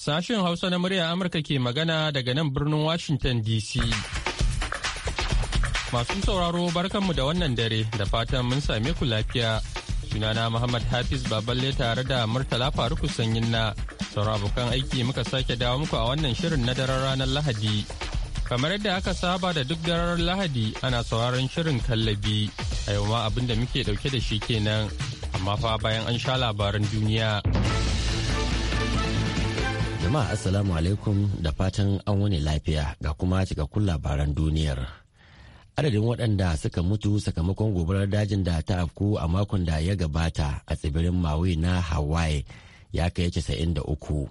Sashen Hausa na murya Amurka ke magana daga nan birnin Washington DC. Masu sauraro barkanmu da wannan dare da fatan mun same ku lafiya. Sunana Muhammad Hafiz Baballe tare da Murtala Faruku Sanyin na sauran abokan aiki muka sake dawo muku a wannan shirin na daren ranar Lahadi. Kamar yadda aka saba da duk daren Lahadi ana sauraron shirin kallabi. A yau ma abin da muke dauke da shi kenan. Amma fa bayan an sha labaran duniya. Jama'a Assalamu alaikum da fatan an wani lafiya ga kuma cikakkun labaran duniyar. Adadin waɗanda suka mutu sakamakon gobarar dajin da ta afku a makon da ya gabata a tsibirin Maui na Hawaii ya kai casa'in da uku.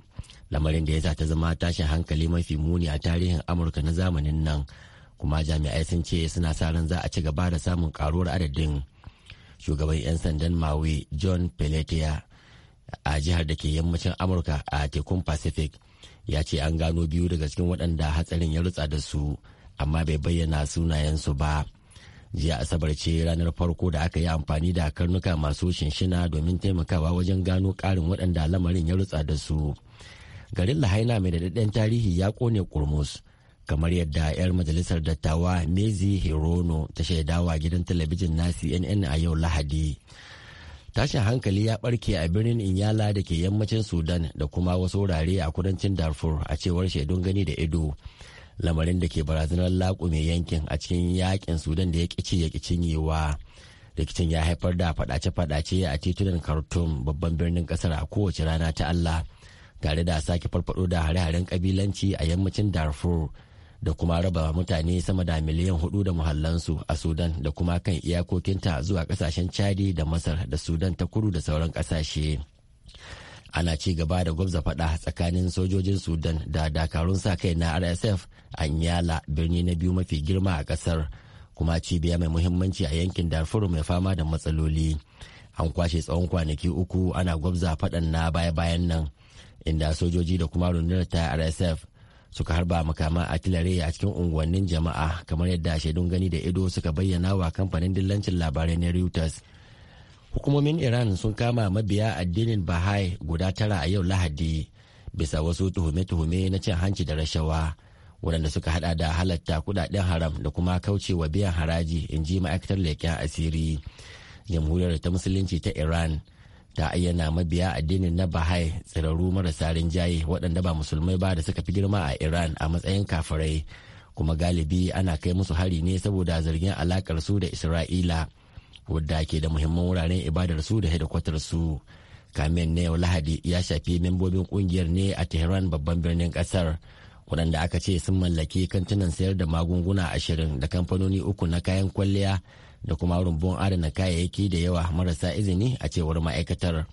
Lamarin da ya sa ta zama tashin hankali mafi muni a tarihin Amurka na zamanin nan. Kuma jami'ai sun ce suna sa ran za a ci gaba da samun karuwar adadin. Shugaban 'yan sandan Maui John Peletia a jihar da ke yammacin amurka a tekun pacific ya ce an gano biyu daga cikin waɗanda hatsarin ya rutsa da su amma bai bayyana sunayensu ba jiya asabar ce ranar farko da aka yi amfani da karnuka masu shinshina domin taimakawa wajen gano ƙarin waɗanda lamarin ya rutsa da su garin lahaina mai daɗaɗɗen tarihi ya ƙone kurmus kamar yadda 'yar majalisar dattawa Mezi Hirono ta shaidawa gidan talabijin na CNN a yau Lahadi. tashin hankali ya barke a birnin inyala da ke yammacin sudan da kuma wasu wurare a kudancin darfur a cewar shaidun gani da ido lamarin da ke barazanar laƙume yankin a cikin yakin sudan da ya ƙici ya cinyewa rikicin ya haifar da faɗace-faɗace a titunan khartoum babban birnin ƙasar a kowace rana ta allah tare da sake farfaɗo da hare-haren ƙabilanci a yammacin darfur da kuma raba mutane sama da miliyan hudu da muhallansu a sudan da kuma kan iyakokinta zuwa kasashen chadi da masar da sudan ta kudu da sauran kasashe ana ci gaba da gwabza fada tsakanin sojojin sudan da dakarun sa kai na rsf a nyala birni na biyu mafi girma a kasar kuma cibiya mai muhimmanci a yankin darfur mai fama da matsaloli an kwashe tsawon kwanaki uku ana gwabza fadan na baya-bayan nan inda sojoji da kuma rundunar ta rsf suka harba makama artillery a cikin unguwannin jama'a kamar yadda shaidun gani da ido suka bayyana wa kamfanin dillancin labarai na reuters hukumomin iran sun kama mabiya addinin bahai guda tara a yau lahadi bisa wasu tuhume-tuhume na cin hanci da rashawa waɗanda suka hada da halatta kudaden haram da kuma kaucewa biyan haraji in ji ma'aikatar leƙen asiri jamhuriyar ta musulunci ta iran ta ayyana mabiya addinin na bahai tsirarru marasa rinjaye waɗanda ba musulmai ba da suka fi girma a iran a matsayin kafirai kuma galibi ana kai musu hari ne saboda zargin alakar su da isra'ila wadda ke da muhimman wuraren ibadar su da hedikwatar su kamen na yau lahadi ya shafi membobin kungiyar ne a tehran babban birnin kasar waɗanda aka ce sun mallaki kantinan sayar da magunguna ashirin da kamfanoni uku na kayan kwalliya da kuma rumbun adana kayayyaki da yawa marasa izini a cewar ma'aikatar.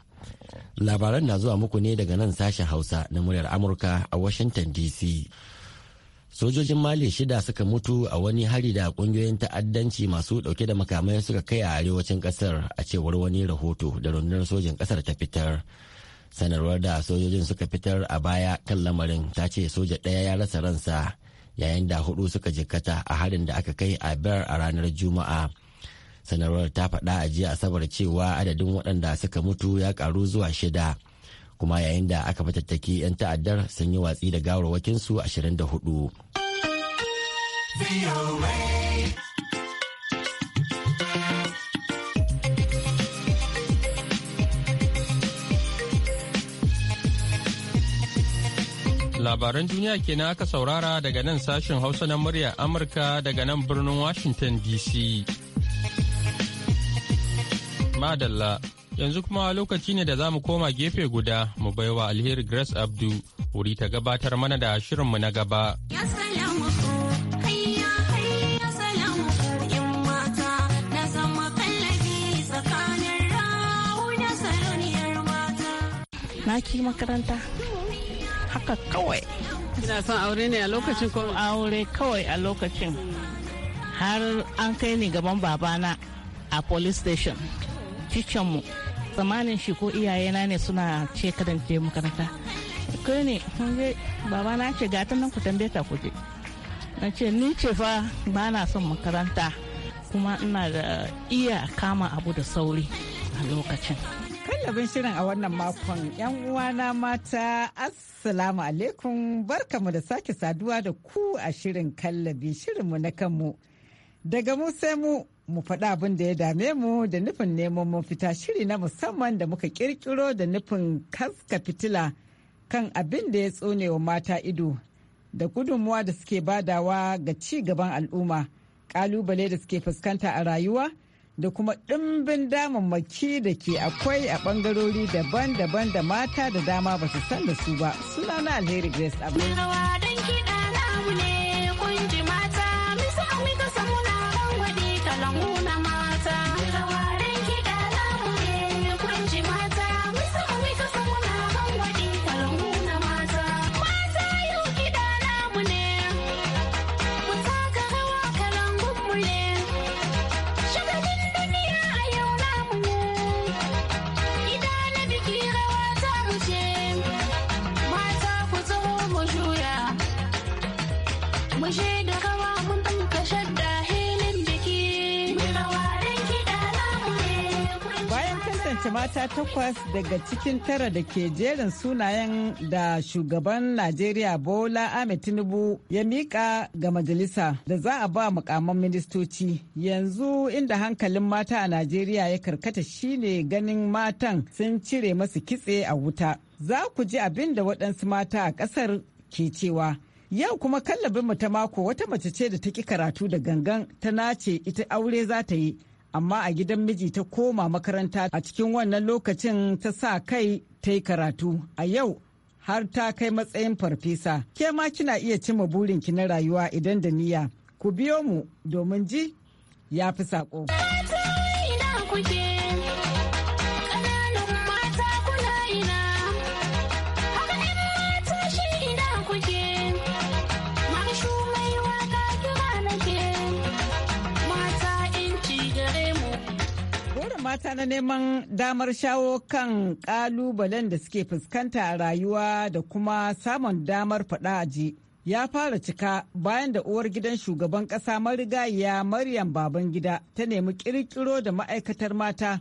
Labaran na zuwa muku ne daga nan sashen Hausa na muryar Amurka a Washington DC. Sojojin Mali shida suka mutu a wani hari da kungiyoyin ta'addanci masu dauke da makamai suka kai a arewacin kasar a cewar wani rahoto da rundunar sojin kasar ta fitar. Sanarwar da sojojin suka fitar a baya kan lamarin ta ce soja ɗaya ya rasa ransa yayin da hudu suka jikkata a harin da aka kai a biyar a ranar Juma'a. sanarwar ta faɗa a jiya asabar cewa adadin waɗanda suka mutu ya karu zuwa shida kuma yayin da aka fatattaki 'yan ta'addar sun yi watsi da wakinsu 24 labaran duniya kenan aka saurara daga nan sashen hausa na muryar amurka daga nan birnin washington dc Madalla, yanzu kuma lokaci ne da za mu koma gefe guda mu baiwa alheri Grace Abdu wuri ta gabatar mana da shirinmu na gaba. Naki makaranta haka kawai. Kina son aure ne a lokacin ko? Aure kawai a lokacin. Har an kai ni gaban babana a police station. mu tsamanin shi ko iyayena ne suna ce dan je makaranta kai ne baba na ce gata nan ku tambaye ta kuje na ce ni ce fa ba na son makaranta kuma ina da iya kama abu da sauri a lokacin kallabin shirin a wannan makon yan uwana mata assalamu alaikum barkamu da sake saduwa da ku a shirin kallabi shirinmu na kanmu daga mu sai mu mu faɗa abin da ya dame mu da nufin neman fita shiri na musamman da muka kirkiro da nufin kaska fitila kan abin da ya tsone wa mata ido da gudunmuwa da suke badawa ga ci gaban al'umma kalubale da suke fuskanta a rayuwa da kuma ɗimbin damammaki da ke akwai a ɓangarori daban-daban da mata da dama ba su san da su ba sunana alheri grace abu mata takwas daga cikin tara da ke jerin sunayen da shugaban Najeriya Bola Ahmed Tinubu ya miƙa ga majalisa da za a ba mukaman ministoci. Yanzu inda hankalin mata a Najeriya ya karkata shine ganin matan sun cire masu kitse a wuta. Za ku ji abin da waɗansu mata a ƙasar ke cewa. Yau kuma kallabinmu ta mako wata mace ce da ta ƙi karatu da gangan ta nace ita aure za ta yi. amma a gidan miji ta koma makaranta a cikin wannan lokacin ta sa kai ta yi karatu a yau har ta kai matsayin farfesa ke ma kina iya cimma burinki na rayuwa idan da niyya ku biyo mu domin ji ya fi saƙo. mata na neman damar shawo kan kalubalen da suke fuskanta a rayuwa da kuma samun damar faɗa ji ya fara cika bayan da uwar gidan shugaban ƙasa marigayya maryam babangida ta nemi ƙirƙiro da ma'aikatar mata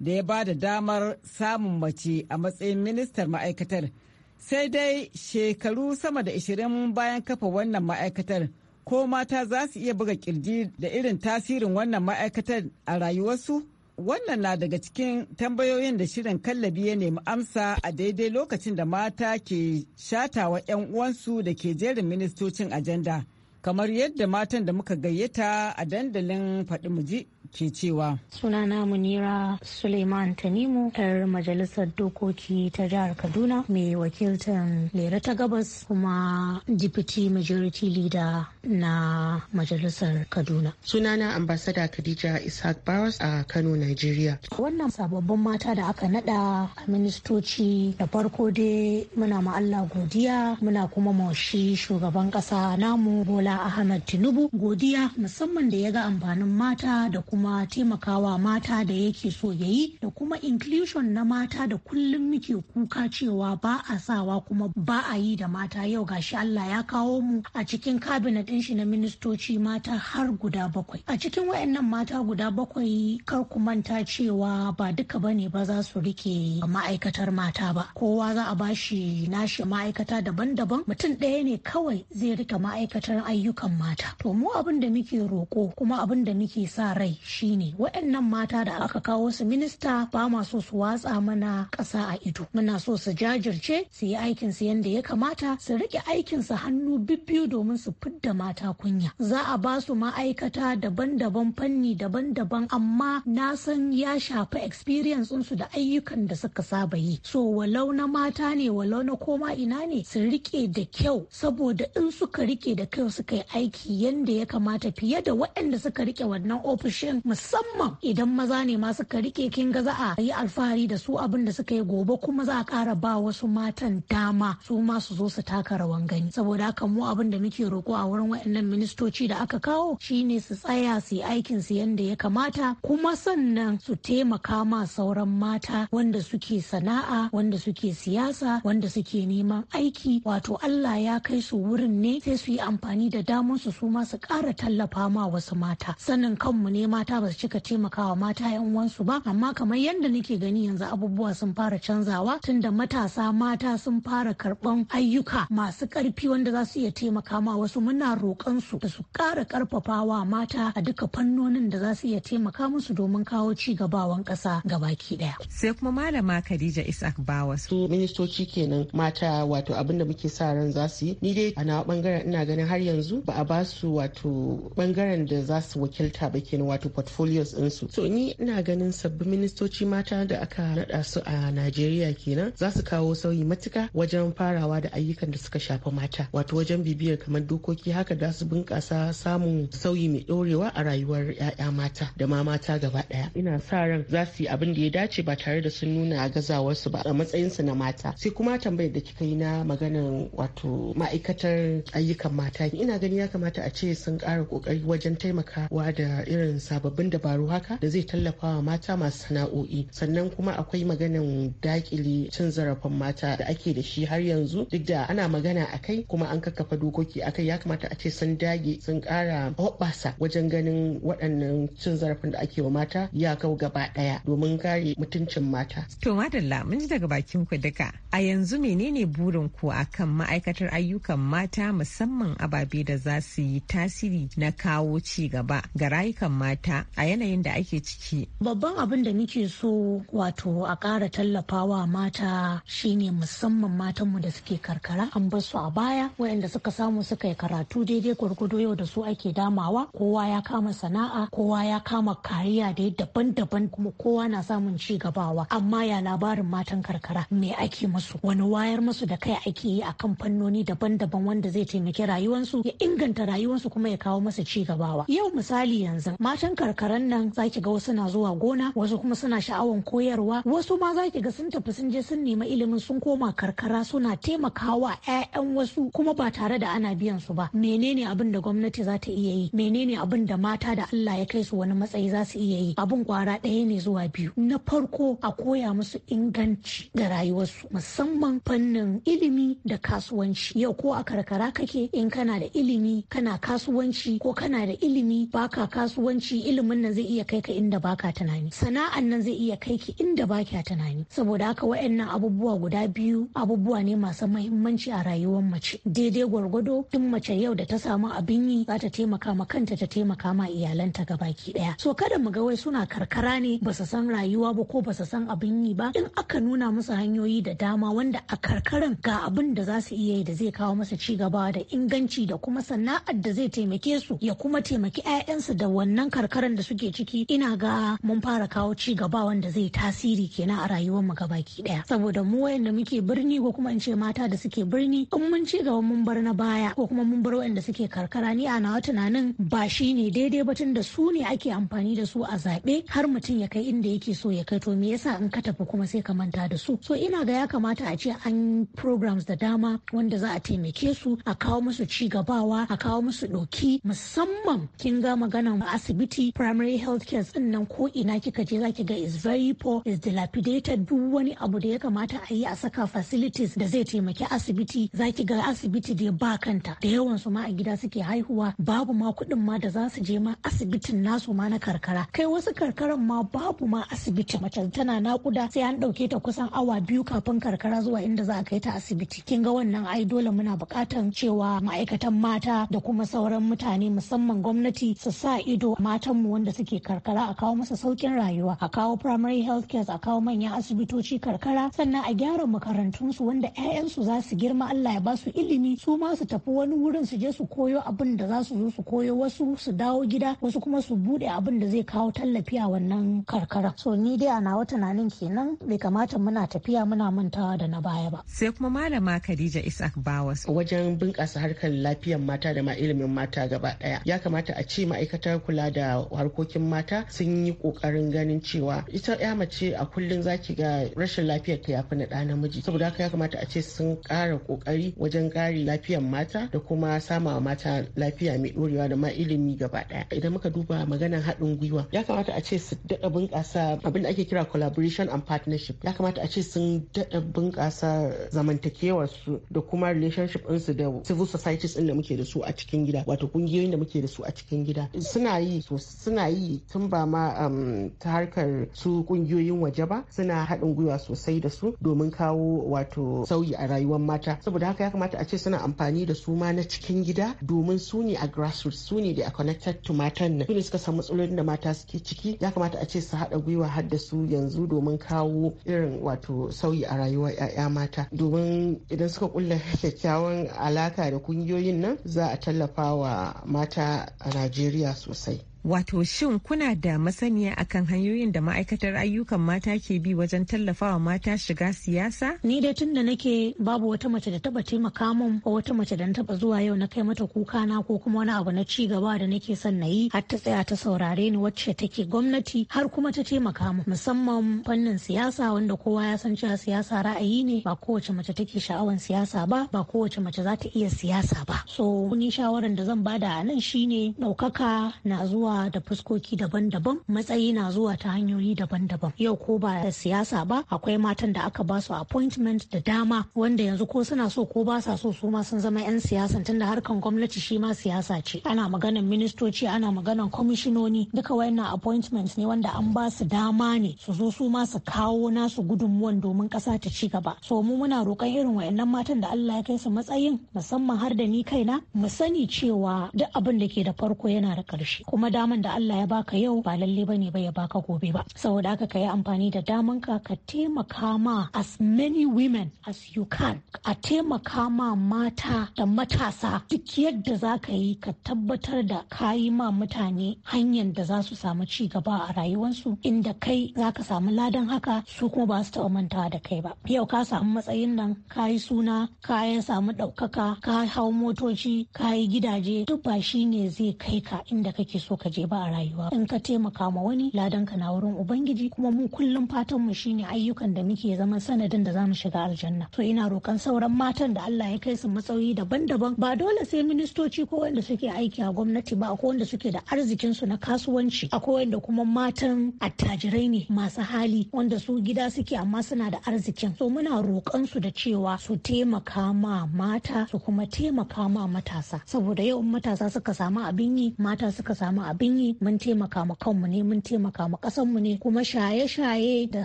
da ya ba da damar samun mace a matsayin ministar ma'aikatar sai dai shekaru sama da 20 bayan kafa wannan ma'aikatar ko mata za su iya buga kirji da irin tasirin wannan ma'aikatar a rayuwarsu wannan na daga cikin tambayoyin da shirin kallabi ya nemi amsa a daidai lokacin da mata ke shatawa 'yan uwansu da ke jerin ministocin ajanda. kamar yadda matan da muka gayyata a dandalin faɗi muji ke cewa. Sunana Munira Suleiman Tanimu, yar majalisar dokoki ta jihar Kaduna, mai wakiltar lera ta gabas kuma deputy majority leader na majalisar Kaduna. Sunana ambasada Khadija Isaac Bawas a Kano, Nigeria. Wannan sababbin mata da aka nada a ministoci da farko dai muna ma Allah godiya muna kuma maushi shugaban kasa namu Bola ahmad tinubu godiya musamman da ya ga amfanin mata da kuma taimakawa mata da yake so ya yi da kuma inclusion na mata da kullum muke kuka cewa ba a sawa kuma ba a yi da mata yau ga shi allah ya kawo mu a cikin kabinet shi na ministoci mata har guda bakwai a cikin wayannan mata guda bakwai kar ku manta cewa ba duka bane ba za su rike ma'aikatar mata ba kowa za a bashi nashi ma'aikata daban-daban mutum ɗaya ne kawai zai rike ma'aikatar ayyukan mata to mu abin da muke roƙo kuma abin da muke sa rai shine waɗannan mata da aka kawo su minista ba ma so su watsa mana ƙasa a ido muna so su jajirce su yi aikin su yadda ya kamata su riƙe aikin su hannu bibbiyu domin su fidda mata kunya za a ba su ma'aikata daban-daban fanni daban-daban amma na san ya shafi experience ɗinsu da ayyukan da suka saba yi so walau na mata ne walau na koma ina ne su riƙe da kyau saboda in suka riƙe da kyau su suka yi aiki yadda ya kamata fiye da waɗanda suka rike wannan ofishin musamman idan maza ne ma suka rike kin ga za a yi alfahari da su abin da suka yi gobe kuma za a ƙara ba wasu matan dama su ma su zo su taka rawan gani saboda haka mu abin da muke roƙo a wurin waɗannan ministoci da aka kawo shine su tsaya su yi aikin su yadda ya kamata kuma sannan su taimaka ma sauran mata wanda suke sana'a wanda suke siyasa wanda suke neman aiki wato Allah ya kai su wurin ne sai su yi amfani da da damun su su ma su ƙara tallafa ma wasu mata sanin kanmu ne mata ba su cika taimakawa mata yan uwansu ba amma kamar yadda nake gani yanzu abubuwa sun fara canzawa tunda matasa mata sun fara karɓan ayyuka masu ƙarfi wanda za su iya taimaka ma wasu muna roƙon su da su ƙara ƙarfafawa mata a duka fannonin da za su iya taimaka musu domin kawo ci gabawan ƙasa baki ɗaya. Sai kuma malama Khadija Isaac Bawa su ministoci kenan mata wato abin da muke sa ran za su yi ni dai a na bangaren ina ganin har yanzu yanzu ba a ba su wato bangaren da za su wakilta ba kenan wato portfolios ɗinsu so ni ina ganin sabbin ministoci mata da aka naɗa su a najeriya kenan za su kawo sauyi matuka wajen farawa da ayyukan da suka shafi mata wato wajen bibiyar kamar dokoki haka za su bunƙasa samun sauyi mai ɗorewa a rayuwar 'ya'ya mata da ma mata gaba ɗaya ina sa ran za su yi abin da ya dace ba tare da sun nuna gazawarsu ba a matsayinsu na mata sai kuma tambayar da kika yi na maganar wato ma'aikatar ayyukan mata ina ina gani ya kamata a ce sun kara ƙoƙari wajen taimakawa da irin sababbin dabaru haka da zai tallafa wa mata masu sana'o'i sannan kuma akwai maganan dakile cin zarafin mata da ake da shi har yanzu duk da ana magana a kai kuma an kakkafa dokoki a kai ya kamata a ce sun dage sun kara hoɓasa wajen ganin waɗannan cin zarafin da ake wa mata ya kau gaba ɗaya domin kare mutuncin mata. To madalla mun ji daga bakin ku duka a yanzu menene burin ku akan ma'aikatar ayyukan mata musamman ababe da za su yi tasiri na kawo ci gaba ga rayukan mata a yanayin da ake ciki. Babban abin da nake so wato a ƙara tallafawa mata shine musamman matanmu da suke karkara an bar su a baya waɗanda suka samu suka yi karatu daidai gwargwado yau da su ake damawa kowa ya kama sana'a kowa ya kama kariya da daban-daban kuma kowa na samun ci gabawa amma ya labarin matan karkara me ake musu wani wayar musu da kai ake yi akan fannoni daban-daban wanda zai taimaki rayuwar ya inganta rayuwarsu kuma ya kawo masa ci gabawa yau misali yanzu matan karkaran nan zaki ga wasu na zuwa gona wasu kuma suna sha'awan koyarwa wasu ma zaki ga sun tafi sun je sun nemi ilimin sun koma karkara suna taimakawa ƴaƴan wasu kuma ba tare da ana biyan su ba menene abin da gwamnati za ta iya yi menene abin da mata da Allah ya kai su wani matsayi za su iya yi abin kwara ɗaya ne zuwa biyu na farko a koya musu inganci da rayuwarsu musamman fannin ilimi da kasuwanci yau ko a karkara kake in kana da ilimi ilimi kana kasuwanci ko kana da ilimi baka kasuwanci ilimin nan zai iya kai ka inda baka tunani sana'an nan zai iya kai ki inda baka tunani saboda haka wa'annan abubuwa guda biyu abubuwa ne masu mahimmanci a rayuwar mace daidai gwargwado in mace yau da ta samu abin yi za ta taimaka ma kanta ta taimaka ma iyalanta gabaki ɗaya so kada mu ga wai suna karkara ne ba su san rayuwa ba ko ba su san abin yi ba in aka nuna musu hanyoyi da dama wanda a karkaran ga abin da za su iya yi da zai kawo masa ci gaba da inganci da kuma sana'ar da zai taimake su ya kuma taimaki 'ya'yansu da wannan karkaran da suke ciki ina ga mun fara kawo ci gaba wanda zai tasiri kenan a rayuwar mu gabaki daya saboda mu wayanda muke birni ko kuma in ce mata da suke birni in mun ci gaba mun bar na baya ko kuma mun bar wayanda suke karkara ni a nawa tunanin ba shi ne daidai ba tun da su ne ake amfani da su a zaɓe har mutum ya kai inda yake so ya kai to me yasa in ka tafi kuma sai ka manta da su so ina ga ya kamata a ce an programs da dama wanda za a taimake su a kawo musu ci gaba tallafawa a kawo musu ɗoki musamman kin ga maganan asibiti primary health care sannan ko ina kika je zaki ga is very poor is dilapidated duk wani abu da ya kamata a yi a saka facilities da zai taimaki asibiti zaki ga asibiti da ba kanta da yawan su ma a gida suke haihuwa babu ma kuɗin ma da za su je ma asibitin nasu ma na karkara kai wasu karkaran ma babu ma asibiti mace tana nakuda sai an ɗauke ta kusan awa biyu kafin karkara zuwa inda za a kai ta asibiti kin ga wannan ai dole muna buƙatan cewa ma'aikatan mata da kuma sauran mutane musamman gwamnati su sa ido a matanmu wanda suke karkara a kawo masa saukin rayuwa a kawo primary health care a kawo manyan asibitoci karkara sannan a gyara makarantunsu wanda 'ya'yansu za su girma Allah ya ba su ilimi su ma su tafi wani wurin su je su koyo abin da za su zo su koyo wasu su dawo gida wasu kuma su bude abin da zai kawo tallafi a wannan karkara so ni dai a nawa tunanin kenan bai kamata muna tafiya muna mantawa da na baya ba sai kuma malama Khadija Isaac Bawas wajen bunƙasa harkar lafiya tarbiyyar mata da ma ilimin mata gaba daya ya kamata a ce ma'aikatar kula da harkokin mata sun yi kokarin ganin cewa ita ya mace a kullum zaki ga rashin lafiyar ta yafi na ɗa namiji saboda haka ya kamata a ce sun kara kokari wajen kare lafiyar mata da kuma sama mata lafiya mai ɗorewa da ma ilimi gaba daya idan muka duba maganar haɗin gwiwa ya kamata a ce su daɗa bunƙasa abin da ake kira collaboration and partnership ya kamata a ce sun daɗa bunƙasa zamantakewar da kuma relationship ɗinsu da civil societies ɗin da muke da su a cikin gida wato kungiyoyin da muke da su a cikin gida suna yi suna yi tun ba ma um, ta harkar su kungiyoyin waje ba suna haɗin gwiwa sosai da su domin kawo wato sauyi a rayuwar mata saboda haka ya kamata a ce suna amfani da su ma na cikin gida domin su ne a grassroots su ne da a connected to matan nan su ne suka san matsalolin da mata suke ciki ya kamata a ce su haɗa gwiwa har da su yanzu domin kawo irin wato sauyi a rayuwar 'ya'ya mata domin idan suka kulla kyakkyawan alaka da kungiyoyin nan za a tallafa wa mata a najeriya sosai Wato shin kuna da masaniya akan hanyoyin da ma'aikatar ayyukan mata ke bi wajen tallafawa mata shiga siyasa? Ni dai tun da nake babu wata mace da taba taimaka min ko wata mace da na taba zuwa yau na kai mata kuka na ko kuma wani abu na ci gaba da nake son na yi har ta tsaya ta saurare ni wacce take gwamnati har kuma ta taimaka min musamman fannin siyasa wanda kowa ya san cewa siyasa ra'ayi ne ba kowace mace take sha'awan siyasa ba ba kowace mace za ta iya siyasa ba. So ni shawaran da zan bada a nan shine ɗaukaka na zuwa da fuskoki daban-daban matsayi na zuwa ta hanyoyi daban-daban yau ko ba da siyasa ba akwai matan da aka ba su appointment da dama wanda yanzu ko suna so ko ba sa so su ma sun zama 'yan siyasa tunda harkan gwamnati shi ma siyasa ce ana maganan ministoci ana maganan kwamishinoni duka wayannan appointment ne wanda an ba su dama ne su zo su ma su kawo nasu gudunmuwan domin kasa ta ci gaba so mu muna roƙon irin wayannan matan da Allah ya kai su matsayin musamman har da ni kaina mu sani cewa duk abin da ke da farko yana da ƙarshe kuma daman da Allah ya baka yau ba lalle bane ba ya baka gobe ba saboda haka ka yi amfani da daman ka ka taimaka ma as many women as you can a taimaka ma mata da matasa duk yadda za ka yi ka tabbatar da ka yi ma mutane hanyar da za su samu ci gaba a rayuwarsu inda kai za ka samu ladan haka su kuma ba su taɓa mantawa da kai ba yau ka samu matsayin nan ka yi suna ka ya samu ɗaukaka ka hau motoci ka yi gidaje duk ba shi ne zai kai ka inda kake so ka ka je ba a rayuwa in ka taimaka ma wani ladan ka na wurin ubangiji kuma mu kullum fatan mu shine ayyukan da muke zaman sanadin da zamu shiga aljanna to ina roƙon sauran matan da Allah ya kai su matsayi daban-daban ba dole sai ministoci ko wanda suke aiki a gwamnati ba akwai wanda suke da arzikin su na kasuwanci akwai wanda kuma matan attajirai ne masu hali wanda su gida suke amma suna da arzikin so muna roƙon su da cewa su taimaka ma mata su kuma taimaka ma matasa saboda yau matasa suka samu abin yi mata suka samu abin abin yi mun taimaka ma kanmu ne mun taimaka ma mu ne kuma shaye-shaye da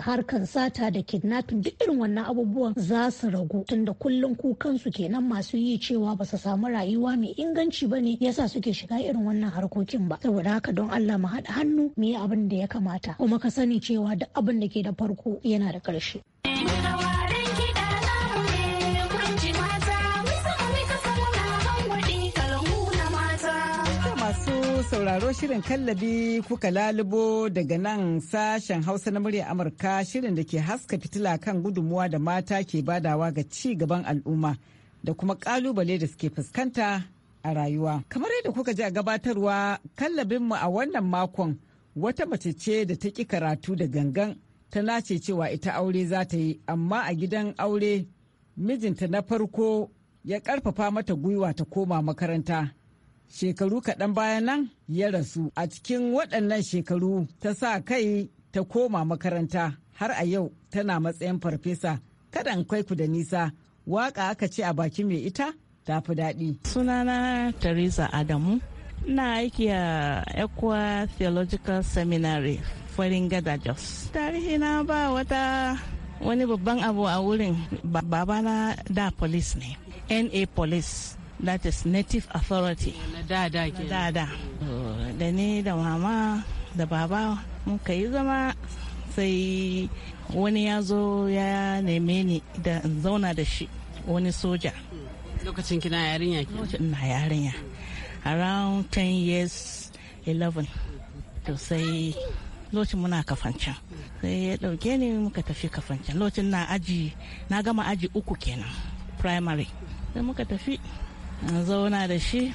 harkan sata da kidnapping duk irin wannan abubuwan za su ragu tunda kullum kukansu kenan masu yi cewa ba su samu rayuwa mai inganci ba ne yasa suke shiga irin wannan harkokin ba saboda haka don Allah mu haɗa hannu mu yi abin da ya kamata kuma ka sani cewa duk abin da ke da farko yana da ƙarshe. sauraro shirin kallabi kuka lalubo daga nan sashen hausa na murya amurka shirin da ke haska fitila kan gudunmuwa da mata ke badawa ga ci gaban al'umma da kuma kalubale da suke fuskanta a rayuwa kamar yadda kuka ji a gabatarwa kallabinmu a wannan makon wata mace ce da ta ƙi karatu da gangan ta nace cewa ita aure za ta yi amma a gidan aure mijinta na farko ya ƙarfafa mata gwiwa ta koma makaranta shekaru kaɗan bayan nan ya rasu a cikin waɗannan shekaru ta sa kai ta koma makaranta har a yau tana matsayin farfesa kaɗan in kai da nisa waƙa aka ce a baki mai ita ta fi daɗi sunana teresa adamu na aiki a equa theological seminary farin gada jos tarihi na ba wata wani babban abu a wurin babana da police ne na police that is native authority eh, na dada oh. da ni da mama da baba muka yi zama sai wani ya zo ya neme ni da in zauna da shi wani soja lokacin kina yarinya lokacin na yarinya around 10 years 11 to sai lokacin muna kafancan sai ya dauke ni muka tafi kafancan lokacin na aji na gama aji uku kenan primary sai muka tafi in zauna da shi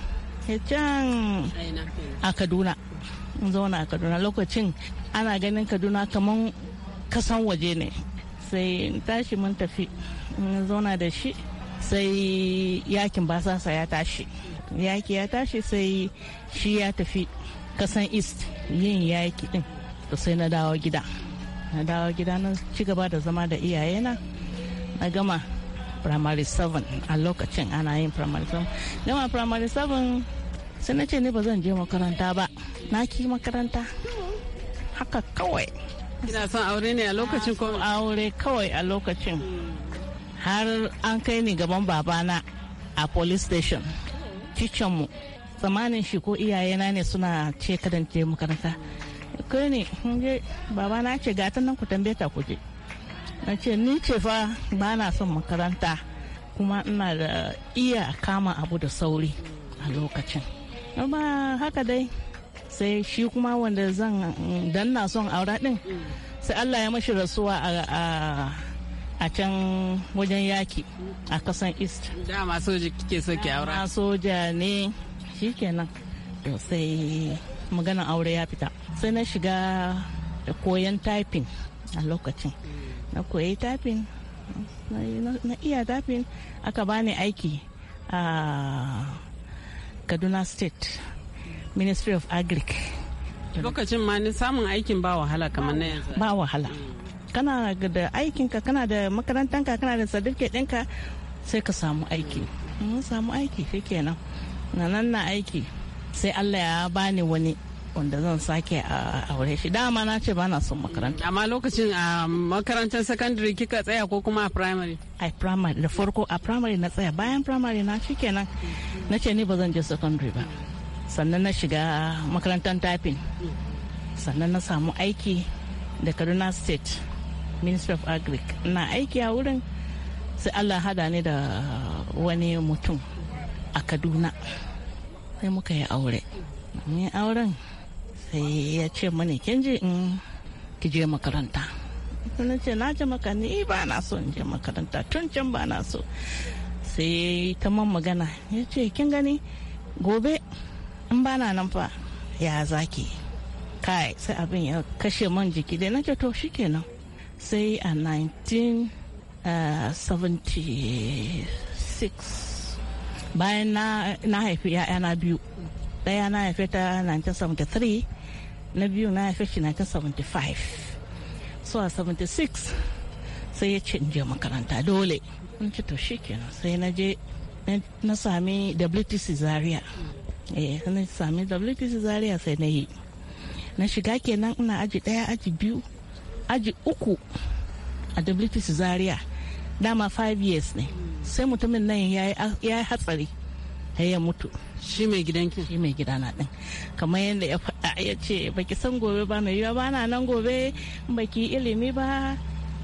can a kaduna in zauna a kaduna lokacin ana ganin kaduna kamar kasan waje ne sai tashi mun tafi in zauna da shi sai yakin basasa ya tashi yaki ya tashi sai shi ya tafi kasan east yin yaki din sai na dawo gida na dawo gida na ci gaba da zama da iyayena na gama primary 7 a lokacin ana yin primary 7 gama primary 7 sai na ce ni ba zan je makaranta ba na ki makaranta haka kawai Ina son aure ne a lokacin ko aure kawai a lokacin har an kai ni gaban babana a police station mu tsamanin shi ko iyayena ne suna ce kadan je makaranta kai ne babana ce gatan nan ku tambaye ta ku je na ce ni ce fa ba na son makaranta kuma ina da iya kama abu da sauri a lokacin amma haka dai sai shi kuma wanda zan danna son aura din sai allah ya mashi rasuwa a can wajen yaki a kasan east dama soja kike ki aura soja ne shikenan sai maganan aure ya fita sai na shiga da koyan typing a lokacin na koyi tafin na iya tafin aka bani aiki a kaduna state ministry of agric lokacin ma ni samun aikin ba wahala kamar na yanzu ba wahala kana da aikinka kana da makarantanka kana da sadirke ɗinka sai ka samu aiki mun samu aiki shikenan na nan na aiki sai allah ya bani wani wanda zan sake a aure shi dama na ce bana son makaranta amma lokacin a makarantar secondary kika tsaya ko kuma a primary a primary da farko a primary na tsaya bayan primary na shikenan na ce ni ba zan je secondary ba sannan na shiga makarantar typing sannan na samu aiki da kaduna state ministry of agric na aiki a wurin sai allah hada ni da wani mutum a kaduna sai muka yi aure mun auren sai ya ce mani kin ji in ki je makaranta na ce na je makaranta ba na so in je makaranta tun can ba na so sai ta man magana ya ce kin gani gobe in ba na nan fa ya zaki kai sai abin ya kashe man jiki dai na ce to kenan sai a 1976 bayan na haifi na biyu daya na haife ta 1973 na biyu na haife shi 75 so a 76 sai ya canje makaranta dole in ci to shi kenan sai na je na sami wtc zaria eh na sami wtc zaria sai na yi na shiga kenan ina aji daya aji biyu aji uku a wtc zaria dama 5 years ne sai mutumin nan ya yi hatsari har ya mutu shi mai gidanki shi mai gidana din kamar yadda ya faɗa ya ce baki san gobe ba mai yiwa ba na nan gobe baki ilimi ba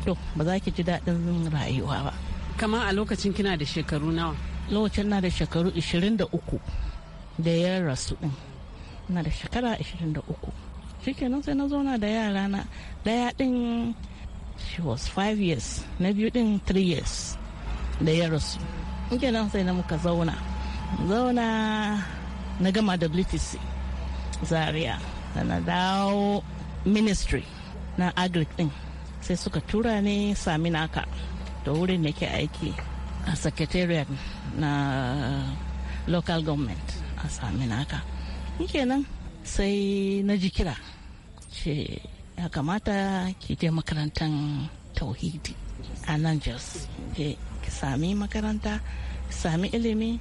to ba za ki ji daɗin rayuwa ba kamar a lokacin kina da shekaru nawa lokacin na da shekaru 23 da ya rasu din na da shekara 23 shikenan sai na zauna da yara na daya din she was 5 years na biyu din 3 years da ya rasu kenan sai na muka zauna zauna na gama wtc zaria da na dawo ministry na agric din sai suka tura ni naka da wurin da ke aiki a secretariat na local government a sami saminaka kenan sai na ji kira ce ya kamata ki je makarantar tauhidi a nan jos ki sami makaranta sami ilimi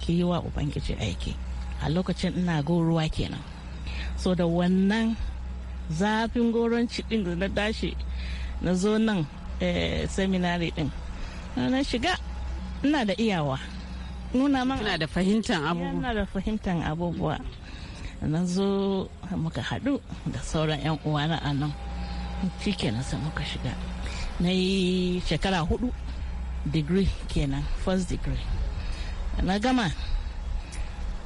ki yi wa ubangiji aiki a lokacin ina goruwa kenan so da wannan zafin goronci cikin da na dashi na zo nan eh, seminari din na shiga ina da iyawa nuna man ina da fahimtar abubuwa ina da fahimtar abubuwa na zo muka hadu da sauran 'yan uwa na anan shi kenan sai muka shiga na yi shekara hudu degree kenan first degree na gama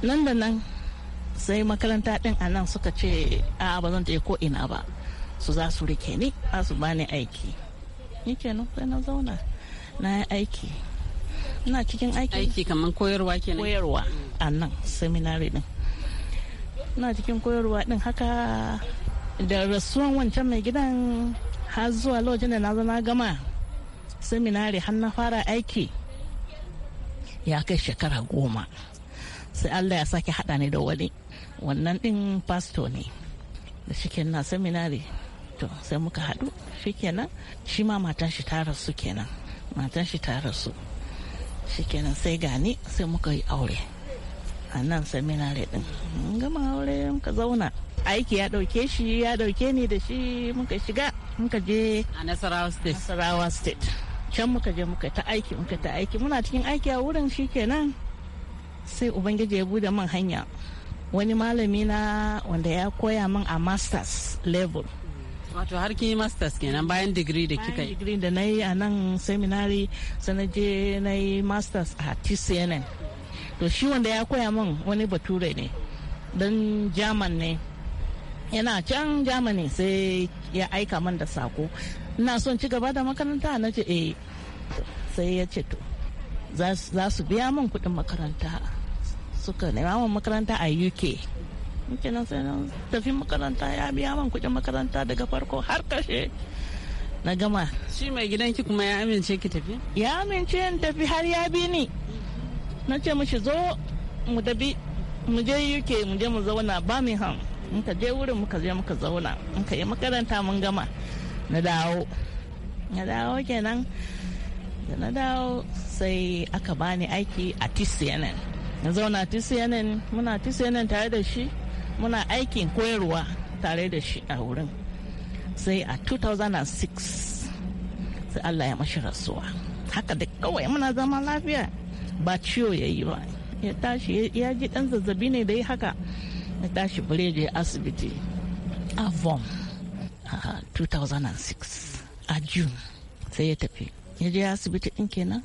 nan da nan sai makaranta din a nan suka ce a ba zan je ko ina ba su za su rike ni a su bani aiki ni kenan sai na zauna na yi aiki ina cikin aiki aiki kamar koyarwa kenan koyarwa a nan seminary din ina cikin koyarwa din haka da rasuwan wancan mai gidan har zuwa lokacin da na zama gama seminary har na fara aiki ya kai shekara goma sai allah ya sake haɗa ni da wani wannan din pasto ne da shike na seminari to sai muka haɗu kenan shi ma matan shi ta rasu kenan matan shi ta rasu kenan sai gani sai muka yi aure a nan seminari din gama aure muka zauna aiki ya dauke shi ya dauke ni da shi muka shiga muka je a nasarawa state can muka je muka ta aiki muka ta aiki muna cikin aiki a wurin shikenan sai ubangiji ya bude man hanya wani malami na wanda ya koya min a masters level wato har kin yi masters kenan bayan degree da kika yi degree da nayi a nan seminary sai je na yi masters a tcnn to shi wanda ya koya min wani bature ne don german ne yana can germany sai ya aika man da sako ina son ci gaba da makaranta na ce eh sai ya ce to za su biya min kuɗin makaranta suka nema min makaranta a uk kenan sai nan tafi makaranta ya biya min kudin makaranta daga farko har kashe na gama shi mai gidanki kuma ya amince ki tafi ya amince in tafi har ya bi ni na ce mishi zo mu dabi mu je uk mu je mu zauna birmingham muka je wurin muka je muka zauna muka yi makaranta mun gama na dawo na dawo kenan da na dawo sai aka bani aiki a tcnn na zauna tcnn muna tcnn tare da shi muna aikin koyarwa tare da shi a wurin sai a 2006 sai allah ya mashi rasuwa haka da kawai muna zama lafiya ba ciwo ya yi ba ya tashi ya ji dan zazzabi ne da yi haka ya tashi je asibiti a vom 2006 a june sai ya tafi ya je asibiti din kenan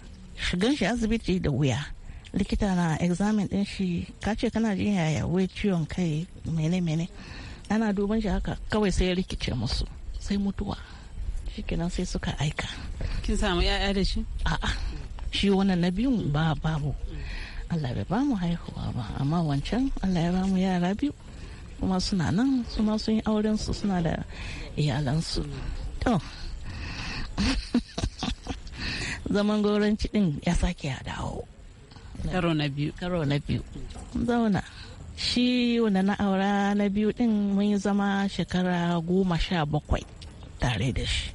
shigan shi asibiti da wuya likita na examen din shi ka ce kana jin yaya wai ciwon kai mene mene ana duban shi haka kawai sai ya rikice musu sai mutuwa shikenan sai suka aika kin samu yaya da shi a'a shi wannan na biyun ba babu Allah bai mu haihuwa ba amma wancan Allah ya mu yara biyu kuma suna nan su ma sun yi auren su suna da iyalansu to zaman goron din ya sake ya dawo karo na biyu karo na biyu zauna shi wanda na aura na biyu din mun yi zama shekara goma sha bakwai tare da shi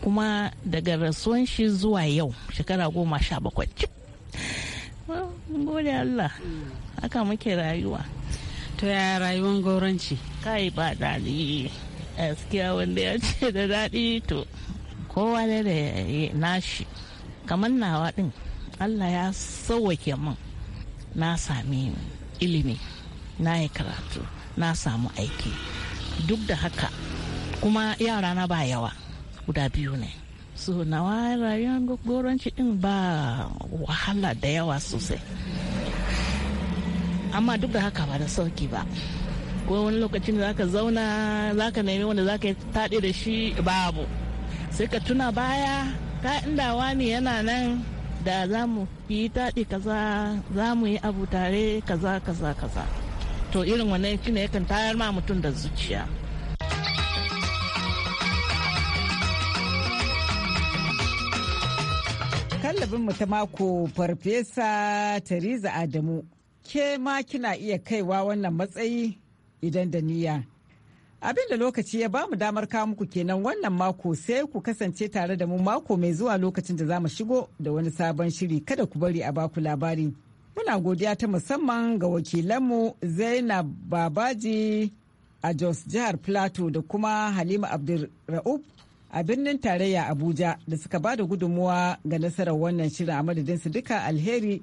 kuma daga rasuwan shi zuwa yau shekara goma sha bakwai gode Allah mm. haka muke rayuwa To ya rayuwar goranci? Kai ba daɗi. Gaskiya wanda ya ce da daɗi to. Kowa da da nashi. Kamar nawa ɗin Allah ya sauwake min. Na sami ilimi. Na yi karatu. Na samu aiki. Duk da haka kuma yara na ba yawa. Guda biyu ne. So nawa rayuwar goranci ɗin ba wahala da yawa sosai. amma duk da haka ba da sauki ba wani lokacin da zaka zauna zaka nemi wanda zaka taɗe da shi babu sai ka tuna baya ka inda ne yana nan da za mu yi taɗe kaza za mu yi abu tare kaza kaza kaza to irin wannan shi ne yakan tayar ma mutum da zuciya kallabin mu ta mako farfesa Theresa Adamu ke ma kina iya kaiwa wannan matsayi idan da niyya. Abin da lokaci ya ba mu damar kawo muku kenan wannan mako sai ku kasance tare da mu mako mai zuwa lokacin da za mu shigo da wani sabon shiri kada ku bari a baku labari. Muna godiya ta musamman ga wakilanmu Zainab Babaji a Jos Jihar Plateau da kuma Halima Abdulra'ub a birnin tarayya Abuja da suka ba da gudunmuwa ga nasarar wannan shirin a madadinsu duka alheri.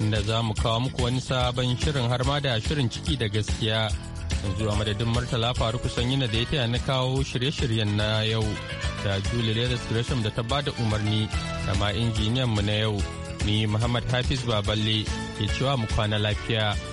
inda za mu kawo muku wani sabon shirin har ma da shirin ciki da gaskiya yanzu a madadin martala faru kusan yana da ya taya na kawo shirye-shiryen na yau da julie da gresham da ta bada umarni da ma injiniyan mu na yau ni muhammad hafiz baballe ke cewa mu kwana lafiya